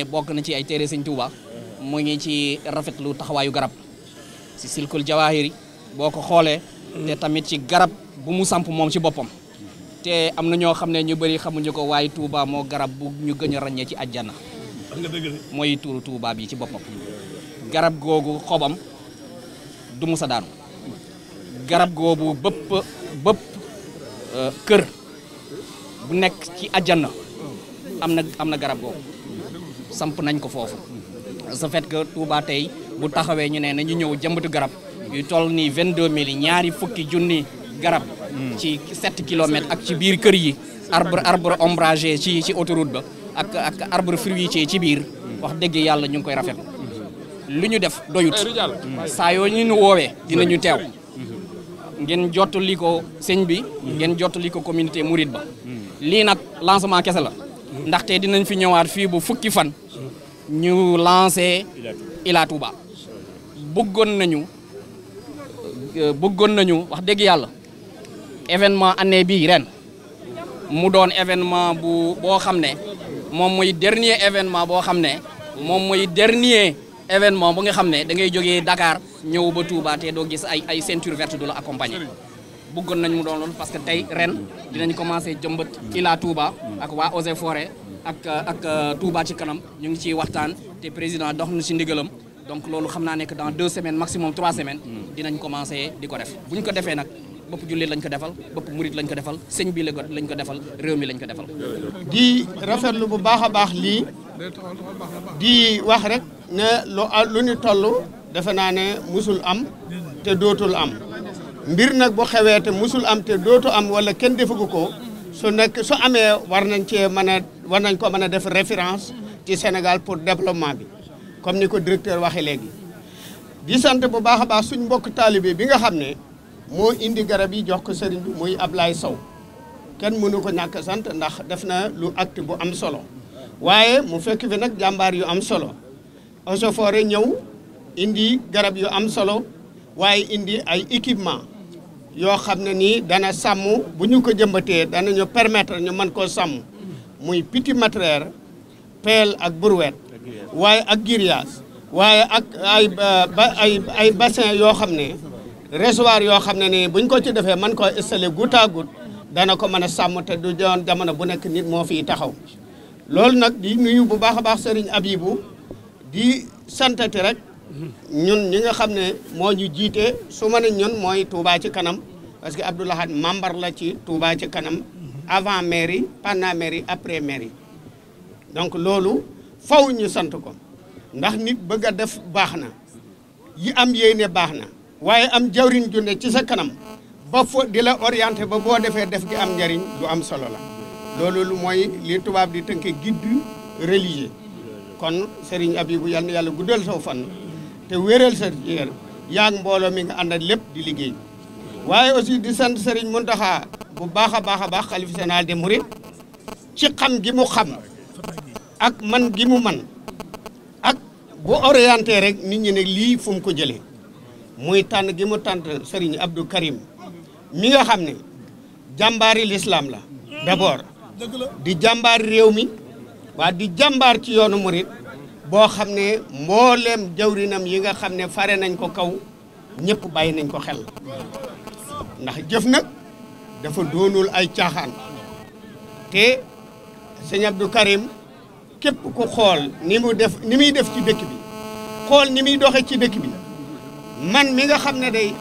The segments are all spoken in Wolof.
ne bokk na ci ay téere sëñ Touba mu ngi ci rafetlu taxawaayu garab si silkul jawahiri boo ko xoolee te tamit ci garab bu mu samp moom ci boppam te am na ñoo xam ne ñu bëri xamuñu ko waaye Touba moo garab bu ñu gën a ràññee ci àjjana mooy tuuru Touba bi ci boppam garab googu xobam du musa daanu garab googu bëpp bëpp euh, kër bu nekk ci àjjana am na am na garab googu samp nañ ko foofu ce fait que Touba tey bu taxawee ñu ne ñu ñëw jëmbatu garab yu toll nii 22 mille ñaari fukki junni garab ci 7 kilomètres ak ci biir kër yi arbre arbre ombragé ci ci autoroute ba ak ak arbre fruitier ci biir wax dëgg yàlla ñu ngi koy rafetlu lu ñu def doyut saa yoo ñu nu woowee dinañu teew ngeen jottali ko sëñ bi ngeen jotliko ko communauté ba lii nag lansement kese la ndaxte dinañ fi ñëwaat fii bu fukki fan ñu lancé Ila Touba bëggoon nañu bëggoon nañu wax dëgg yàlla événement année bii ren mu doon événement bu boo xam ne moom mooy dernier événement boo xam ne moom mooy dernier événement bu nga xam ne da ngay jógee Dakar ñëw ba Touba te doo gis ay ay ceinture verte du la accompagner bëggoon nañ mu doon lool parce que tey ren dinañ commencé jëmbat laa Touba ak waa Eaux et ak ak euh, Touba ci kanam ñu ngi ciy waxtaan te président dox na ci ndigalam donc loolu xam naa nekk dans deux semaines maximum trois semaines hmm. dinañ commencé di ko def bu ñu ko defee nag bopp jullit lañ ko defal bopp murit lañ ko defal señ bi lañ ko defal réew mi lañ ko defal di rafetlu bu baax a baax lii di wax rek ne lu lu ñu toll defe naa ne musul am te dootul am mbir nag bu xewee te musul am te dootu am wala kenn defagu ko su nekk su amee war nañ cee mën a war nañ ko mën a def référence ci Sénégal pour développement bi comme ni ko directeur waxee léegi. di sante bu baax a baax suñ mbokk taalibe bi nga xam ne moo indi garab yi jox ko sëriñ bi muy Ablaye Sow kenn mënu ko ñàkk sant ndax def na lu acte bu am solo waaye mu fekk fi nag jàmbaar yu am solo Eaux et ñëw indi garab yu am solo waaye indi ay équipement yoo xam ne nii dana sàmm bu ñu ko jëmbatee dana ñu permettre ñu man koo sàmm muy piti matériel pelle ak brouette waaye ak grillage waaye ak ay ay ay bassin yoo xam ne réservoir yoo xam ne nii buñ ko ci defee man koo installé goutte à dana ko mën a sàmm te du doon jamono bu nekk nit moo fiy taxaw loolu nag di nuyu bu baax a baax Serigne Abibou di santati rek ñun ñi nga xam ne moo ñu jiite su ma ne ñun mooy Touba ci kanam parce que Abdou Lahad membre la ci Touba ci kanam avant mairie pendant mairie après mairie donc loolu faw ñu sant ko ndax nit bëgg a def baax na yi am yéene baax na waaye am jawriñ junde ci sa kanam ba fo di la orienté ba boo defee def gi am njariñ lu am solo la loolu lu mooy li tubaab di tënke guide religieux kon Serigne Abibou yal na yàlla guddal saw fan te wéral sa yéen yaa ngi mbooloo mi nga àndal lépp di liggéey waaye aussi di sant Serigne Mountakha bu baax a baax a baax xalifa général des ci xam gi mu xam ak man gi mu man ak bu orienté rek nit ñi ne lii fu mu ko jëlee muy tànn gi mu tànn Serigne Abdou Karim mi nga xam ne jàmbaari l'islam la d'abord di jàmbaar réew mi waa di jàmbaar ci yoonu murit boo xam ne mbooleem jawrinam yi nga xam ne fare nañ ko kaw ñëpp bàyyi nañ ko xel ndax jëf nag dafa doonul ay caaxaan te sëñ Abdou Karim képp ku xool ni def ni muy def ci dëkk bi xool ni muy doxee ci dëkk bi man mi nga xam ne day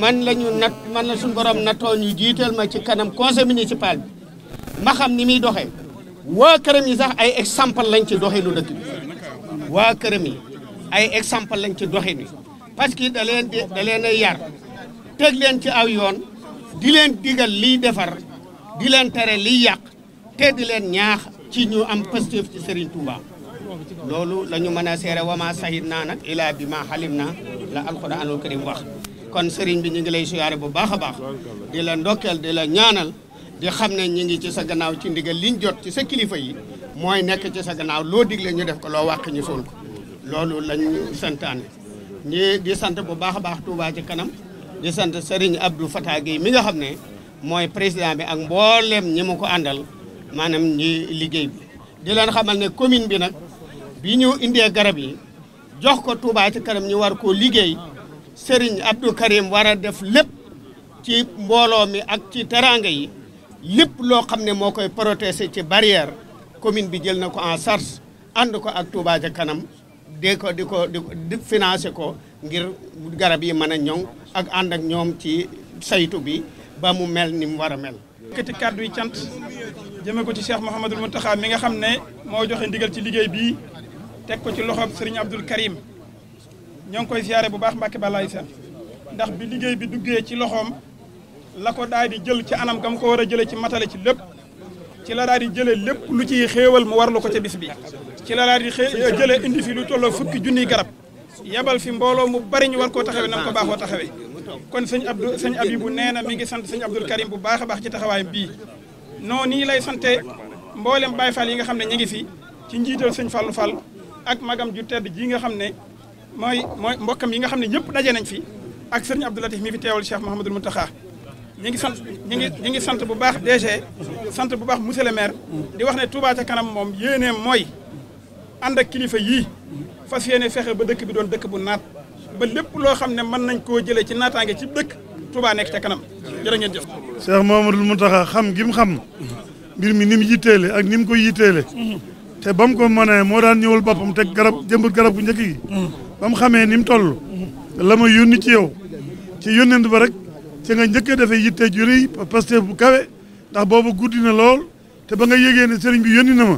man la ñu nat man la suñu borom nattoo ñu jiital ma ci kanam conseil municipal bi ma xam ni muy doxee waa këram yi sax ay exemple lañ ci doxee lu dëkk bi waa këram yi ay exemple lañ ci doxe ni parce que da leen da leen a yar teg leen ci aw yoon di leen digal liy defar di leen tere liy yàq te di leen ñaax ci ñu am pëstéef ci Serigne Touba loolu lañu ñu mën a ma wama sahid naa nag ilaa bi ma xalim na la alquranul karim wax kon sëriñ bi ñu ngi lay siyaare bu baax a baax di la ndokkeel di la ñaanal di xam ne ñu ngi ci sa gannaaw ci ndigal liñ jot ci sa kilifa yi mooy nekk ci sa gannaaw loo digle ñu def ko loo wàq ñu suul ko loolu lañu santaane ñi di sant bu baax a baax Touba ci kanam di sant Serigne Abdou Fatah Gueye mi nga xam ne mooy président bi ak mboolem ñi ma ko àndal maanaam ñi liggéey bi. di leen xamal ne commune bi nag bi ñu indee garab yi jox ko Touba ci kanam ñu war koo liggéey Serigne Abdou Karim war a def lépp ci mbooloo mi ak ci teraanga yi lépp loo xam ne moo koy protéger ci barrière commune bi jël na ko en charge ànd ko ak Touba ca kanam de ko di ko di financer ko ngir garab yi mën a ñoŋ. ak ànd ak ñoom ci saytu bi ba mu mel ni mu war a mel. yëkkati kàddu yi cant jëmee ko ci Cheikh Mouhamadul Mountakha mi nga xam ne moo joxe ndigal ci liggéey bi teg ko ci loxoom Serigne Abdoul Karim ñoo ngi koy siyaare bu baax Mbacke Balaye Sène ndax bi liggéey bi duggee ci loxoom la ko daal di jël ci anam gam ko war a jëlee ci matale ci lépp ci la daal jële lépp lu ciy xéewal mu war warlu ko ca bis bi ci la daal di jëlee indi fi lu tolloo fukki junniy garab. yabal fi mbooloo mu bari ñu war koo taxawee na mu ko baaxoo taxawee kon sëñ Abdou sëñ Abibou nee na mi ngi sant sëñ Abdoul Karim bu baax baax ci taxawaayam bii non nii lay sante mboolem Baye Fall yi nga xam ne ñu ngi fi ci njiital sëñ fal Fall ak magam ju tedd ji nga xam ne mooy mooy mbokkam yi nga xam ne ñëpp daje nañ fi ak sëriñ Abdou Latif mi fi teewal Cheikh Mouhamadul Moutakha ñi ngi sant ñi ngi ñi ngi sant bu baax DG sant bu baax monsieur le maire di wax ne Touba ca kanam moom yéeneem mooy ànd ak kilifa yii fas yéene fexe ba dëkk bi doon dëkk bu naat ba lépp loo xam ne man nañ koo jëlee ci naataange ci dëkk Touba nekk ca kanam jërë ngeen jëf. Cheikh Mouhamadoul Mountakha xam gi mu mi ni mu yitteele ak ni mu ko yitteele te ba mu ko mënee moo daan ñëwal boppam teg garab jëmbat garab bu njëkk gi. ba mu xamee ni mu toll. la ma yónni ci yow ci yónnent ba rek ci nga njëkk a defee yitte ju rëy bu kawe ndax boobu guddi na lool te ba nga yégee ne sëriñ bi yónni na ma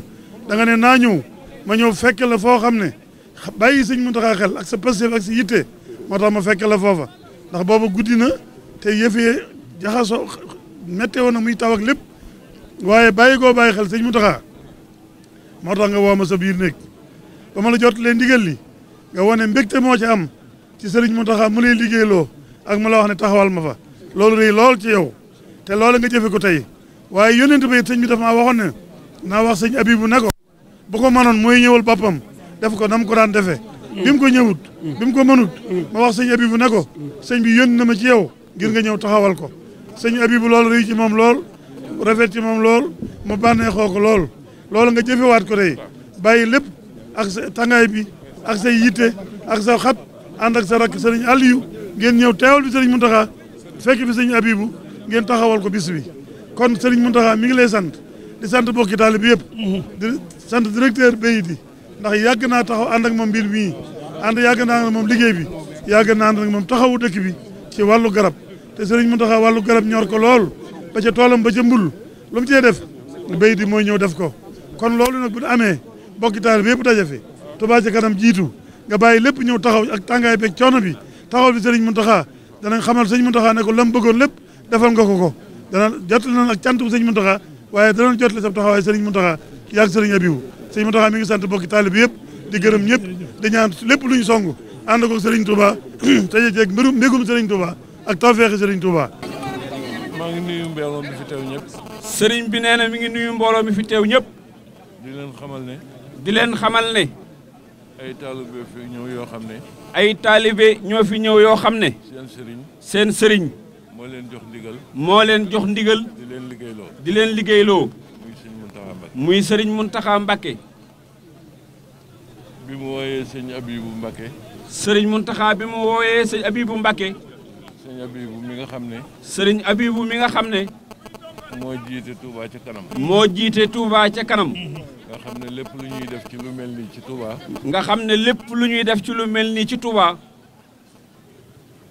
da ne naa ñëw ma ñëw fekk la foo xam ne bàyyi sëñ Muntaxa xel ak sa pastéef ak sa yitte moo tax ma fekk la foofa ndax booba guddi na te yëfee jaxasoo météo na muy taw ak lépp waaye bàyyi koo bàyyi xel sëñ Muntaxa moo tax nga woo ma sa biir néeg ba ma la jot leen ndigal li nga wane mbégte moo ci am ci sëriñ Muntaxa mu lay liggéeyloo ak mu la wax ne taxawal ma fa loolu rëy lool ci yow te loolu nga jëfe ko tey waaye yónent ba sëñ bi dafa maa waxoon ne naa wax sëñ Abibu ne ko bu ko mënoon mooy ñëwal boppam def ko nam ko daan defe mm. bi ko ñëwut mm. bi ko mënut ma wax sëñ Abibu ne ko mm. sëñ bi yónni na ma ci yow ngir nga ñëw taxawal ko sëñ Abibu lool rëy ci moom lool rafet ci moom lool mu bànneexoo ko lool loolu nga jëfewaat ko tey bàyyi lépp ak sa tàngaay bi ak say yitte ak sa xat ànd ak sa rakk sëriñ Aliou ngeen ñëw teewal bi sëriñ Mountakha fekk bi sëriñ Abibu ngeen taxawal ko bis bi kon sëriñ Mountakha mi ngi lay sant di sant bokki taalib yëpp mhm. di sant directeur BIT ndax yàgg naa taxaw ànd ak moom mbir mii ànd yàgg naa moom liggéey bi yàgg naa ànd ak moom taxaw dëkk bi ci wàllu garab te sëriñ mu taxaw wàllu garab ñor ko lool ba ca toolam ba ca mbul lu cee def BIT mooy ñëw def ko kon loolu nag bu amee bokki taalib yëpp daje fi Touba ca kanam jiitu nga bàyyi lépp ñëw taxaw ak tàngaay beeg coono bi taxaw bi sëriñ Mountakha danañ xamal sëriñ Mountakha ne ko lam bëggoon lépp defal nga ko ko dana jottali nañ ak cantu sëriñ Mountakha waaye danoon jot la sam taxawaay sëriñ Mountakha yaag sëriñ Abibu sëriñ Mountakha mi ngi sant bokki taalib yëpp di gërëm ñëpp di ñaan lépp lu ñu song ànd ko sëriñ Touba taje jeeg mbirum mbégum sëriñ Touba ak tawfeexi sëriñ Touba maa ngi nuyu fi teew ñëpp sëriñ bi nee na mi ngi nuyu mbooloo mi fi teew ñëpp di leen xamal ne di leen xamal ne ay taalibe fi ñëw yoo xam ne ay taalibe ñoo fi ñëw yoo xam ne seen seen sëriñ moo leen jox ndigal. moo leen jox ndigal. di leen liggéeyloo. di leen liggéeyloo. muy sëriñ Muntaxa Mbàkke. muy sëriñ Muntaxa Mbàkke. bi mu wooyee sëñ Abibu Mbàkke. sëriñ Muntaxa bi mu wooyee sëñ Abibu Mbàkke. sëriñ Abibu mi nga xam ne. sëriñ Abibu mi nga xam ne. moo jiite Touba ca kanam. moo jiite Touba ca kanam. nga xam ne lépp lu ñuy def ci lu mel nii ci Touba. nga xam ne lépp lu ñuy def ci lu mel nii ci Touba.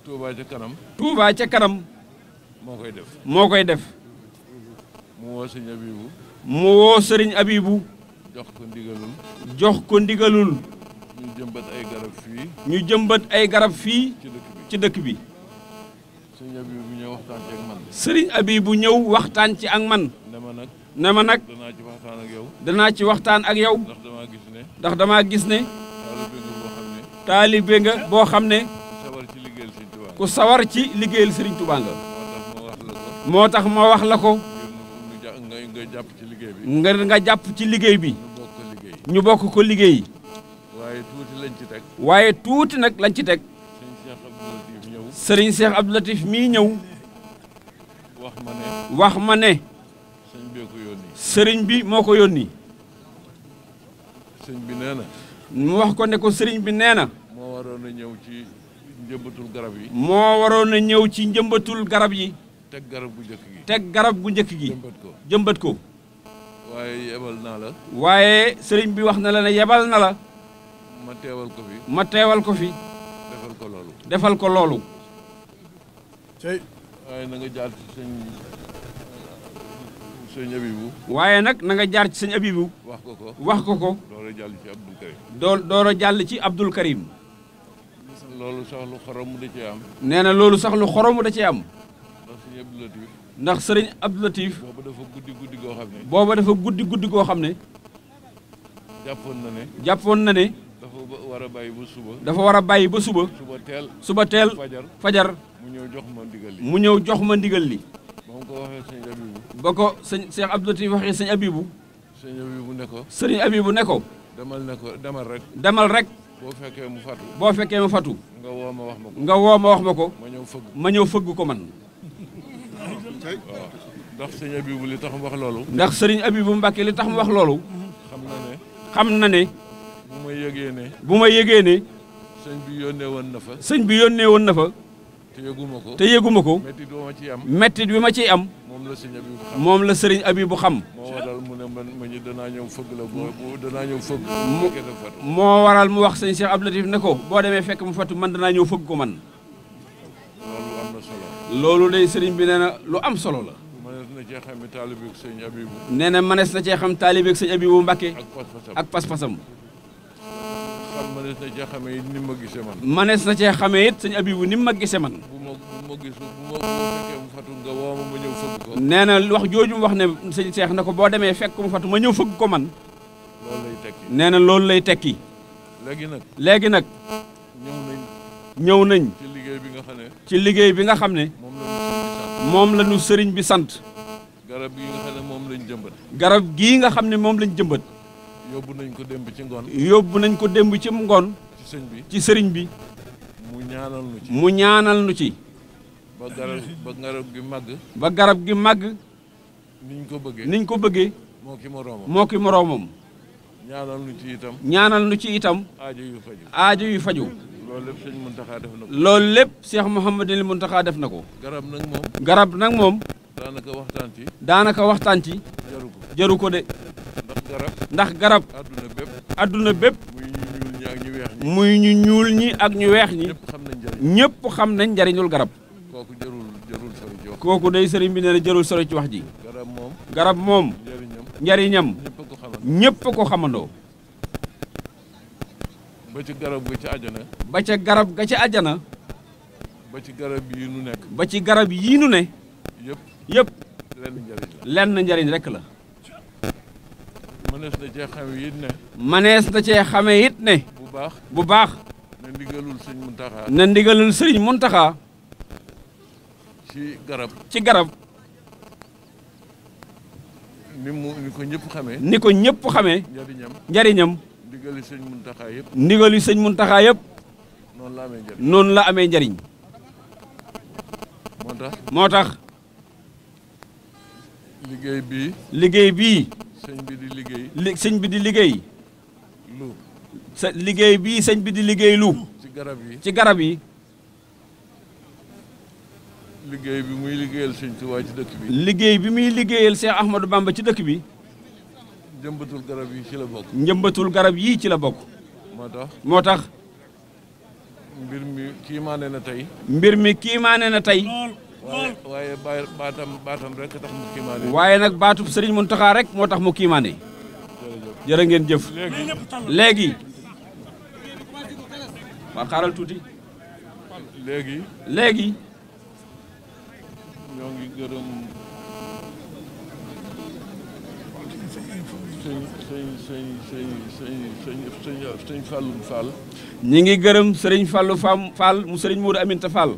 Touba ca kanam. Touba ca kanam. moo koy def moo koy def. mu Abibu. mu sëriñ Abibu. jox ko ndigalul. jox ko ndigalul. jëmbat ay garab ñu jëmbat ay garab fii. ci dëkk bi ci dëkk bi. sëriñ Abibu ñëw waxtaan ci ak man. sëriñ ne ma nag. ne ma nag danaa ci waxtaan ak yow. danaa ci waxtaan ak yow. ndax damaa gis gis ne. taalibe nga boo xam ne. ku sawar ci liggéeyal Serigne Touba nga. moo tax ma wax la ko. nga jàpp ci liggéey bi. nga nga jàpp ci liggéey bi. ñu bokk ko liggéey. waaye tuuti lañ ci teg. waaye tuuti nag lañ ci teg. Serigne Cheikh Abdou Latif mii ñëw. wax ma ne. wax ma ne. sëriñ bi moo ko yónni. sëriñ bi nee na. mu wax ko ne ko sëriñ bi nee na. moo waroon ñëw ci. njëmbatul garab yi. moo waroon a ñëw ci njëmbatul garab yi. teg garab bu njëkk gi. teg garab bu njëkk gi. jëmbat ko jëmbat ko. waaye yebal naa la. waaye sëriñ bi wax na la ne yebal na la. ma teewal ko fi. ma teewal ko fi. defal ko loolu. defal ko loolu. tey. waaye nga jaar ci waaye nag nanga jaar ci sëñ Abibu. wax ko ko wax ko ko. door a ci Abdul Karim. jàll ci Abdul Karim. loolu sax lu xoromu da cee am. nee na loolu sax lu xoromu da cee am. ndax sëriñ Abdou Latif. ndax sëriñ Abdou booba dafa guddi guddi goo xam ne. booba dafa guddi guddi goo xam ne. jàppoon na ne. jàppoon na ne. dafa war a bàyyi ba suba. dafa war a bàyyi ba suba. suba teel suba teel. fajar fajar. mu ñëw jox ma ndigal li mu ñëw jox ma ndigal li. ba mu ko waxee sëñ Abibu. ba ko sëñ Cheikh Abdou Latif waxee sëñ Abibu. sëñ Abibu ne ko. sëriñ Abibu ne ko. demal ne ko demal rek. demal rek. boo fekkee mu fatu. boo fekkee mu fatu. nga woo ma wax ma ko. nga woo ma wax ma ko. ma ñëw fëgg ma ñëw fëgg ko man. waaw ndax sëriñ Abibu li tax mu wax loolu. ndax sëriñ Abibu Mbàkke li tax mu wax loolu. xam na ne. xam na ne. bu ma yëgee ne. bu ma yëgee ne. sëñ bi yónnee woon na fa. sëñ bi yónnee woon na fa. te yëguma ko te yëguma ko mettit bi ma ciy am moom la sëriñ Abibu xam moo waral mu ne man ma ñu danaa ñëw fëgg la boo danaa ñëw fëgg moo waral mu wax sëñ Cheikh Abdou Latif ne ko boo demee fekk mu fattu man danaa ñëw fëgg ko man loolu day sëriñ bi nee lu am solo la nee na manees na cee xam taalibeeg sëñ Abibu Mbàkke ak pas-pasam manees na cee xamee it ni ma gisee manees na cee xamee it sëñ Abibu ni ma gisee man. bu ma bu ma gisul bu ma woo ma ma nee na wax jooju mu wax ne sëñ Seex na ko boo demee fekk mu fatu ma ñëw fëgg ko man. loolu lay tekki nee na loolu lay tekki. léegi nag léegi nag. ñëw nañ. ci liggéey bi nga xam ne. ci liggéey bi nga xam ne. moom la ñu sëriñ bi sant. garab gii nga xam ne moom lañ jëmbat. garab gii nga xam ne moom lañ jëmbat. yóbbu nañ ko démb ci ngoon. yóbbu nañ ko démb ci ngoon. ci sëriñ bi ci sëriñ bi. mu ñaanal nu ci mu ñaanal nu ci. ba garab ba gi màgg. ba garab gi màgg. niñ ko bëggee niñ ko bëggee. moo ki moroomam moo ki moroomam. ñaanal nu ci itam. ñaanal nu ci itam. aajo yu faju aajo yu faju loolu lépp seex Muntaxa def na ko. loolu lépp Cheikh Muntaxa def na ko. garab nag moom. garab nag moom. daanaka waxtaan ci. daanaka waxtaan ci. jaru ko de. ndax garab adduna bépp muy ñu ñuul ñi ak ñu weex ñi ñëpp xam nañ njariñul garab kooku day sëriñ bi nee na jërul sori ci wax ji garab moom njariñam ñëpp ko xamandoo ba ca garab ga ca àjjana ba ca garab ga ca àjjana ba ci garab nu nekk ba ci garab yi nu ne yëpp yëpp lenn njariñ rekk la mënees na cee xame it ne. mënees na cee xame it ne. bu baax bu baax. na ndigalul sëñ Muntaxa. na ci garab ci garab. ni mu ni ko ñëpp xamee. ni njariñam njariñam. ndigali sëñ Muntaxa yëpp. ndigali sëñ Muntaxa yëpp. noonu la amee njariñ noonu la amee moo tax. liggéey bii. liggéey bii. sëñ bi di liggéey. li sëñ bi di liggéey. lu. liggéey bii sëñ bi di liggéey lu. ci garab yi ci garab yi. liggéey bi muy liggéeyal sëñ Tuubaa ci dëkk bi. liggéey bi muy liggéeyal Cheikh Ahmadou Bamba ci dëkk bi. njëmbatul garab yi ci la bokk. garab yii ci la bokk. moo moo tax. mbir mi kiimaane na tey. mbir mi kiimaane na tey. waaye baatam baatam rek tax mu kiimaane. waaye nag baatub sëriñ Mountakha rek moo tax mu kiimaane. jërë ngeen jëf léegi. waa xaaral tuuti. léegi. léegi. ñoo ngi gërëm sëñ sëñ sëñ sëñ sëñ sëñ sëñ ngi gërëm Serigne Fallou Fall mu Serigne Modou Aminta Fall.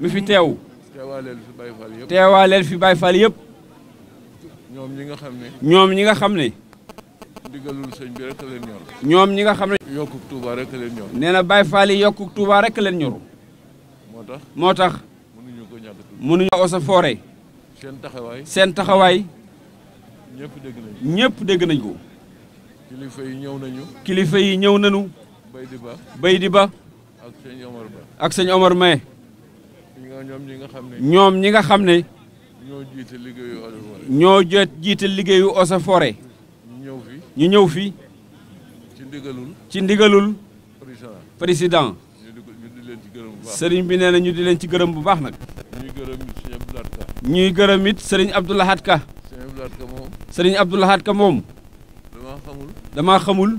mi mi fi teew. teewaaleel fi Baye Fall yëpp teewaaleel fi Baye Fall yëpp. ñoom ñi nga xam ne. ñoom ñi nga xam ne. ndigalul sëñ bi rek leen ñoom ñi nga xam ne. yokkuk Touba rek leen ñor. nee na Baye Fall yi yokkuk Touba leen ñor. moo tax moo tax. mënuñu ko ñàkk tuuti mënuñu ko osa foore. seen taxawaay seen taxawaay. ñëpp dégg nañ ko dégg nañ ko. kilifa yi ñëw nañu. kilifa yi ñëw nañu. bay di ba bay di ba. ak sëñ Omar Ba ñoom ñi nga xam ne. ñoom ñi nga xam ne. ñoo jiite liggéeyu Eaux ñoo jot jiite liggéeyu Eaux et Forêts. ñu ñëw fi ñu ñëw fi. ci ndigalul. ci ndigalul. président sëriñ bi nee na ñu di leen ci gërëm bu baax nag. ñuy gërëm sëriñ Abdou Lahad Ka. ñuy gërëm sëriñ Abdou Ka. moom. dama xamul. damaa xamul.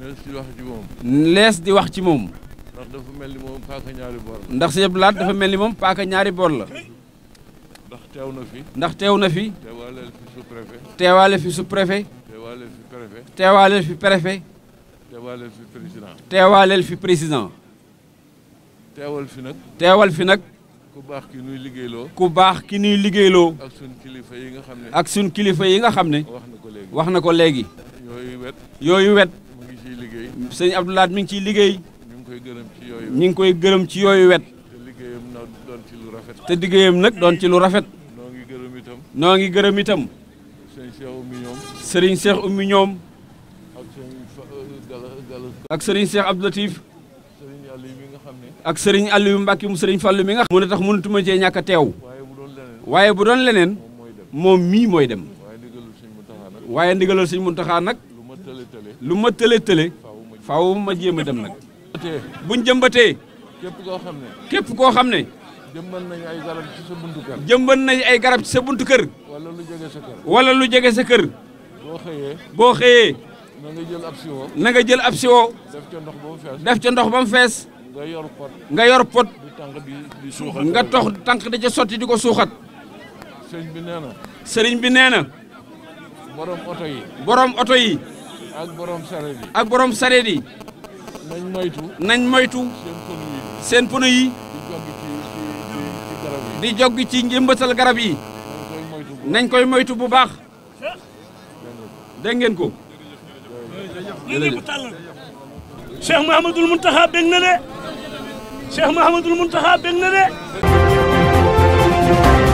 lees di wax ci moom. lees di wax ci moom. ndax dafa mel ni moom paaka ñaari boor la. ndax sëñ Abdou Lahad mel ni moom paaka ñaari boor la. teew na fi. ndax teew na fi. teewaaleel fi sous préfet. teewaale fi sous préfet. teewaaleel fi préfet. teewaaleel fi préfet. président. teewaaleel fi teewal fi nag. teewal fi nag. ku baax ki nuy liggéeyloo. ku baax ki nuy liggéeyloo. ak sun kilifa yi nga xam ne. ak sun kilifa yi nga xam ne. wax na ko léegi wax na ko léegi. yooyu wet. yooyu wet. mu ngi ciy liggéey. sëñ Abdou Lahad mi ngi ciy liggéey. koy gërëm yooyu ñu ngi koy gërëm ci yooyu wet. te liggéeyam nag doon ci lu rafet. te liggéeyam nag doon ci lu rafet. noo ngi gërëm itam. noo ngi gërëm itam. sëriñ Cheikh Oumy ñoom. sëriñ Cheikh Oumy ñoom. ak sëriñ euh, Gala ak sëriñ Cheikh Abdou Latif. ak mu sëriñ Fallou mi nga. mu ne tax mënatuma cee ñàkk a teew. waaye bu doon leneen. moom mii mooy dem. waaye ndigalal sëñ Muntaxa nag. lu ma tële tële. faaw ma jéem a dem nag. buñ jëmbatee. képp koo xam ne. képp koo xam ne. jëmbat nañ ay garab ci sa nañ ay garab ci kër. wala lu jege sa wala lu jege sa kër. boo xëyee. boo xëyee. na nga jël ab siwo. na nga jël ab siwo. def ca ndox ba mu fees. def ca ndox ba mu nga yor pot. nga yor pot. di tànk di nga tox tànk da ca sotti di ko suuxat. sëriñ bi nee sëriñ bi nee na. borom oto yi. borom oto yi. ak borom sareet ak borom sareet yi. nañ moytu. nañ moytu. seen pono yi. di joggi ci njëmbatal garab yi. nañ koy moytu bu baax. dégg ngeen ko. jërëjëf Cheikh Mouhamadoul Mountakha bég na de. Cheikh Mouhamadoul Mountakha bég na de.